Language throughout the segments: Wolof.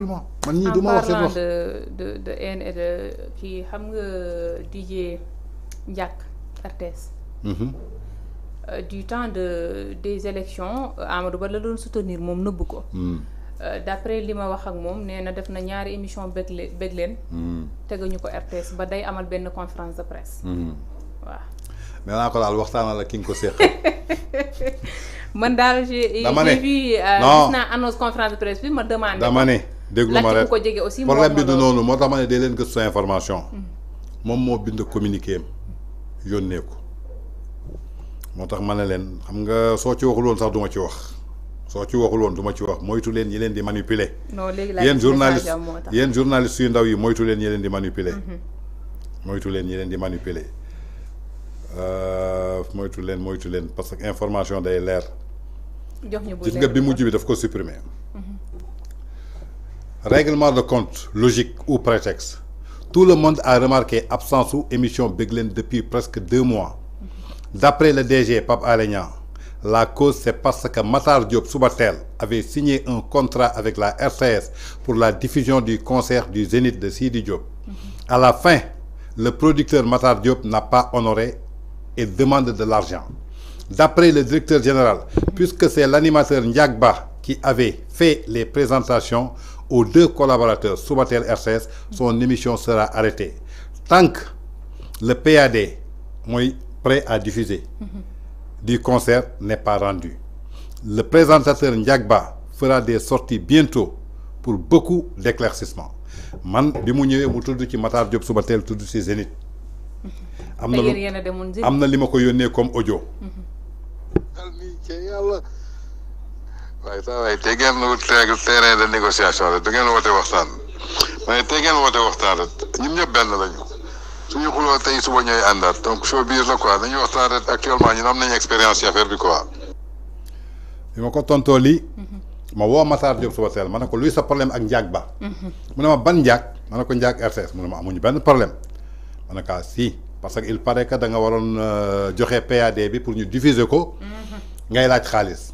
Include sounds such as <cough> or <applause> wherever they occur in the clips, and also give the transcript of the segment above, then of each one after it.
man ñii du wax seen wax de de de haine et de kii xam nga DJ Ndiak RTS. Mhm. Euh, du temps de des élections euh, Amadou Ba la doon soutenir mom nëbbu ko. Mm. Euh, d'après lima wax ak mom nee def na ñaari émission beglen leen bëgg leen. ko RTS ba day amal ben conférence de presse. Mm. waaw. nee naa ko daal waxtaanal ak ki nga ko seq. <laughs> man daal j'ai vu gis annonce conférence de presse puis ma demandé. dama ne déglu ko jege aussi problème bi du noonu moo tax ma ne dee information. mom hmm. mo bind communiquer am yónnee ko moo tax ma xam nga so ci waxul won sax duma ci wax so ci waxul won duma ci wax moytu len ñi leen di manipuler. non léegi laa yéen journaliste yéen journaliste yu ndaw yi moytu len ñi leen di manipuler. Hmm. moytu len ñi leen di manipuler euh moytu len moytu len parce que information day leer. jox ñu bu leer gis nga bi mujj bi daf ko supprimer. Hmm. Règlement de compte, logique ou prétexte. Tout le monde a remarqué absence ou émission Beglen depuis presque deux mois. D'après le DG Pape Alignan, la cause c'est parce que Matar Diop avait signé un contrat avec la RCS... pour la diffusion du concert du Zénith de Sidi Diop. À la fin, le producteur Matar Diop n'a pas honoré et demande de l'argent. D'après le directeur général, puisque c'est l'animateur Ndiagba qui avait fait les présentations, aux deux collaborateurs Soubatel RCS son émission sera arrêtée tant que le PAD mooy prêt à diffuser mm-hmm. du concert n'est pas rendu le présentateur Ndiagba fera des sorties bientôt pour beaucoup d'éclaircissements man bi mu ñëwee mu tudd ci Matar Diop Soubatel tudd ci Zénith mm-hmm. Amna, amna lu am na li ma ko yónnee comme audio mm-hmm waaye saa waay te ngeen wut terrain de négociation rek du ngeen woote waxtaan ma ne te ngeen woote waxtaan rek ñun ñëpp benn lañu suñu xuloo tey suba ñooy àndaat donc show biir la quoi nañu waxtaan rek actuellement ñun am nañu expérience ci affaire bi quoi. bi ma ko tontoo lii. ma woo Matar Diop suba teel ma ne ko luy sa problème ak Ndiak Ba. mu ne ma ban Ndiak ma ne ko Ndiak RCS mu ne ma amuñu benn problème ma ne ko si parce que il paraît que da nga waroon joxe PAD bi pour ñu diffuser ko. ngay laaj xaalis.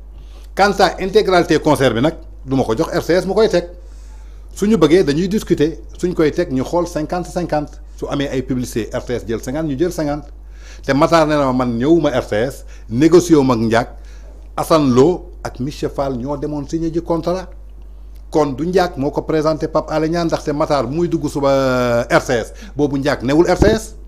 quant à intégralité bi nag du ma ko jox RCS mu koy teg su ñu bëggee dañuy discuter suñ koy teg ñu xool cinquante cinquante su amee ay publicité RTS jël cinquante ñu jël cinquante te Matar nee na ma man ñëwuma RTS négocié wu ma ak Ndiak Assane Lo ak Michel Fall ñoo demoon signé ji contrat kon du Ndiak moo ko présenté Pape Alé Niang ndaxte Matar bu muy dugg suba RTS boobu Ndiak newul RTS.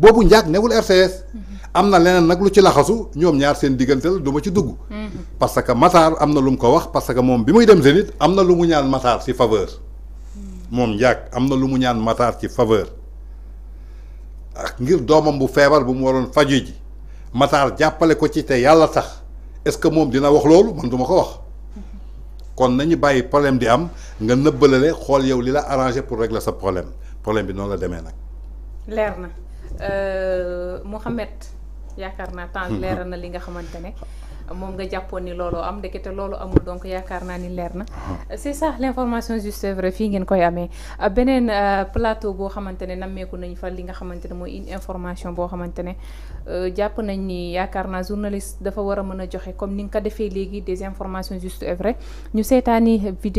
boobu njaag newul RTS. Mhm. am na leneen nag lu ci laxasu ñoom ñaar seen diggantel du ma ci dugg. Mhm. parce que Matar am na lu mu ko wax parce que moom bi muy dem Zénith am na lu mu ñaan Matar ci faveur. Mhm. moom njaag am na lu mu ñaan Matar ci faveur. ak ngir doomam bu feebar bu mu waroon faju ji Matar jàppale ko ci te yàlla tax est-ce que moom dina wax loolu man duma ko wax. kon nañu bàyyi problème di am nga nëbbalale xool yow li la arrangé pour régler sa problème problème bi noonu la demee nag. na. Euh, Mouhamed yaakaar naa temps hmm. leeral na li nga xamante ne moom nga jàppoon ni looloo am ndekete loolu amul donc yaakaar naa ni leer na hmm. c'est sax l'information juste et fii ngeen koy amee beneen euh, plateau boo xamante ne nammeeku nañ fa li nga xamante ne mooy une information boo xamante ne euh, jàpp nañ ni yaakaar naa journaliste dafa war a mën a joxe comme ni nga ko defee léegi des informations juste et ñu seetaani vidéo